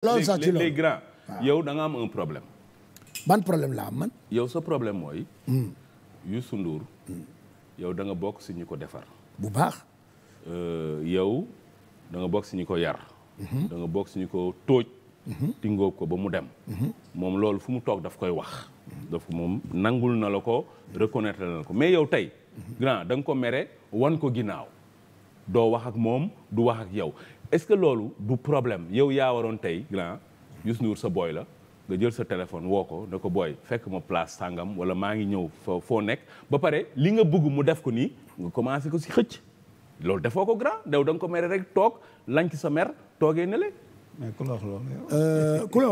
loolu sax ci loolu les grands. yow da nga am problème. ban problème la am man. yow sa problème mooy. Hmm. Youssou Ndour. Hmm. yow danga bokk si ñu ko defar. bu baax. Euh, yow danga bokk si ñu ko yar. Hmm. danga bokk si ñu ko tóoj. tingóob ko ba mu dem. moom loolu fu mu toog daf koy wax. daf moom nangul na la ko reconnaître na la ko mais yow tey. grand danga ko mere wan ko ginnaaw. doo wax ak moom du wax ak yow est-ce que loolu du problème yow yaa waroon tey grand Youssou Ndour sa booy la nga jël sa téléphone woo ko ne ko booy fekk ma place sàngam wala maa ngi ñëw fa nekk ba pare li nga bëgg mu def ko nii nga commencé ko si xëcc loolu defoo ko grand daw da nga ko mere rek toog lañ sa mer toogee ne ku la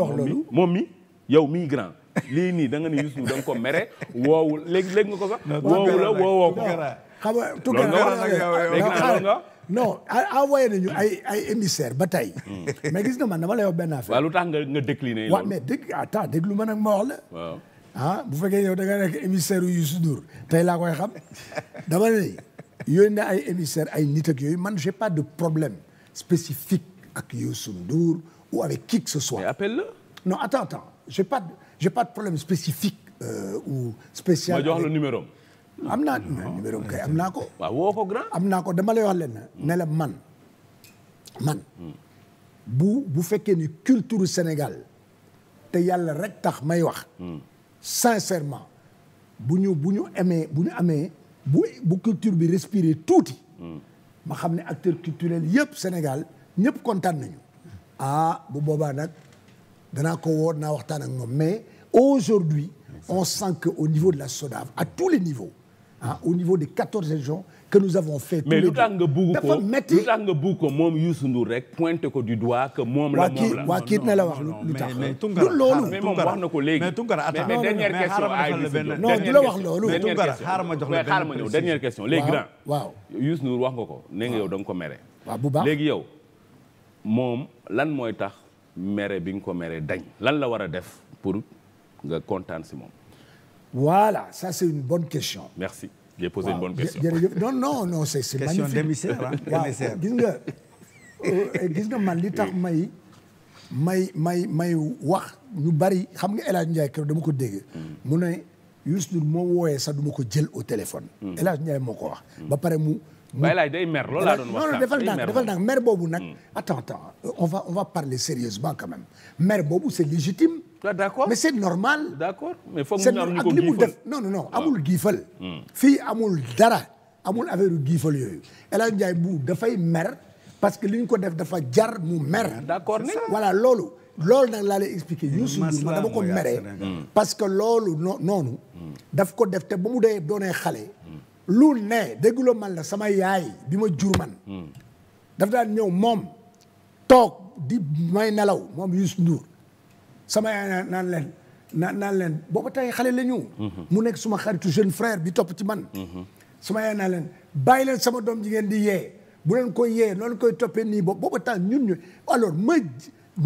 moom mi yow mii grand. lii nii danga nga ne Youssou da nga ko mere woowul léegi léegi nga ko sax. woowu la woowoo ko. xam nga non envoyé nañu ay ay émissaire ba tey. Hmm. mais gis nga man dama lay wax benn affaire. waaw lu tax nga nga décliné. loolu waaw mais dégg attends déglu ma nag ma wax la. waaw ah bu fekkee yow da nga nekk émissaire yu Youssou tey laa koy xam dama ne na ay émissaire ay nit ak yooyu man j'ai pas de problème spécifique ak Youssou Ndour ou avec qui que ce soit. mais appelle-le. non attends attends j'ai pas j'ai pas de problème spécifique euh, ou spécial. ma le numéro am naa numéro kay am naa ko. waaw woo ko grand. am naa ko dama wax leen ne man man. bu bu fekkee ni culture Sénégal te yàlla rek tax may wax. sincèrement bu ñu bu ñu amee bu ñu amee bu bu culture bi respirer tuuti. ma xam ne acteurs culturels yëpp Sénégal ñëpp kontaan nañu. ah bu boobaa nag danaa ko woo naa waxtaan ak moom mais aujourd'hui on sent que au niveau de la SODAV à tous les niveaux. ah au niveau des quatorze régions que nous avons fait. mais lu tax nga bugg ko moom Youssou Ndour rek pointé ko du doigt que moom la moom la waa kii waa la wax lu tax. mais Tounkara mais moom wax na ko léegi. mais Tounkara attends wax loolu. mais Tounkara xaaral ma jox la benn ma ñëw dernière question wax nga ko nee yow da nga ko mere. waaw bu baax léegi yow lan mooy tax mere bi nga ko mere dañ. lan la war a def pour nga kontaan si moom. Voilà, ça c'est une bonne question. Merci. J'ai posé wow. une bonne question. non non non c'est c'est magnifique. Question d'émissaire waaw gis nga euh, gis nga man li tax may may may may wax ñu bari xam nga El Hadj Ndiaye keroog dama ko dégg. mu ne Youssou Ndour moo woowee sax du ma ko jël au téléphone. Hmm. El Hadj Ndiaye ko wax. ba pare mu. bay laay day mer loolu laa doon eh, wax. non defal ndànk mer boobu nag. Hmm. attends attends on va on va parler sérieusement quand même mer boobu c'est légitime. ah d' accord mais c' normal. d' accord mais foog ñu am ñu ko giifal def non non ah. amul giifal. Hmm. fii amul dara amul affaire yu giifal yooyu El Hadj Ndiaye bu dafay mer parce que li ñu ko def dafa jar mu mer. Ah, d' accord voilà loolu. loolu nag laa lay expliqué Youssou Ndour ma dama ko meree hmm. parce que loolu no noonu daf ko def te ba mu dee doonee xale lu ne dégguloo man la sama yaay bi ma jur man hmm. daf daan ñëw moom toog di may nelaw moom Youssou Ndour sama yaay naan leen naan naan leen booba tey xale la ñu. Mhm. mu nekk suma xaritu jeune frère bi topp ci man. Mhm. sama yaay naan leen bàyyi leen sama doom ji ngeen di yee bu leen koy yee noonu koy toppee nii booba temps ñun ñu alors ma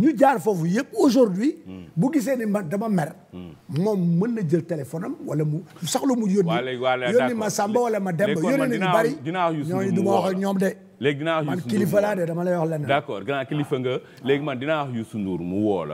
ñu jaar foofu yëpp aujourd'hui mhm. bu gisee ni man dama mer. moom mën na jël téléphone am wala mu saxlu mu yónni. waaw léegi yónni ma Samba wala ma Demba yónni nañu bari ñooñu du ma wax ak ñoom de. léegi dinaa wax Youssou Ndour man kilifa laa de dama lay wax leneen. d'accord grand kilifa nga ah. léegi man dinaa wax Youssou mu woo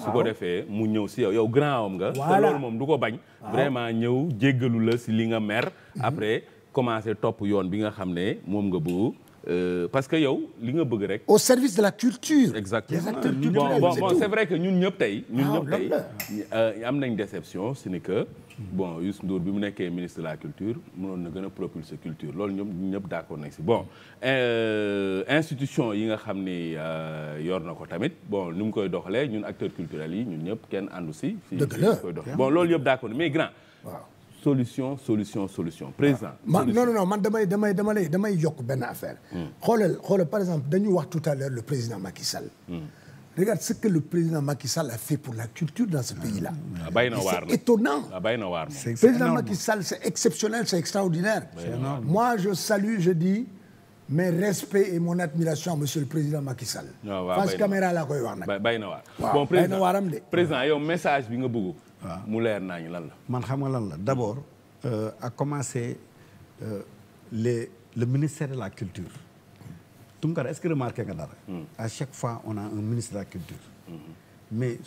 su ko defee mu ñëw si yow yow grand homme nga te loolu moom du ko bañ vraiment ñëw jéggalu la si li nga mer mhm. après commencé topp yoon bi nga xam ne moom nga bëgg Euh, parce que yow li nga bëgg rek. au service de la culture. exactement des acteurs culturels bon c'est vrai que ñun ñëpp tey. ñun ah, ñëpp tey euh, am nañ déception si ni que. bon Youssou Ndour bi mu nekkee ministre de la culture mënoon na gën a propulser culture loolu ñoom ñëpp d'accord nañ si bon. Euh, institution yi nga xam ni euh, yor na ko tamit bon nu mu koy doxalee ñun acteurs culturels yi ñun ñëpp kenn àndu si. dëgg la koy dox bon loolu yëpp d'accord mais grand. waaw. solution solution solution président. man non non man damay damay dama lay damay yokk benn affaire. Hmm. xoolal xoolal par exemple dañu wax tout à l'heure le président Macky Sall. Hmm. regarde ce que le président Macky Sall a fait pour la culture dans ce ah. pays-là. Ah, c'est étonnant. Ah, président Macky Sall c'est exceptionnel c'est extraordinaire. moi je salue je dis. mes respects et mon admiration à monsieur le président Macky Sall. waaw waaw koy wax nag. bay na waar bon président waaram de. président message bi nga bëgg. waaw mu leer naa ñu lan la. man xam nga lan la d' abord. a euh, commencé euh, les le ministère de la culture. Tounkara est-ce que remarqué nga dara. Hmm. à chaque fois on a un ministre de la culture. Hmm. mais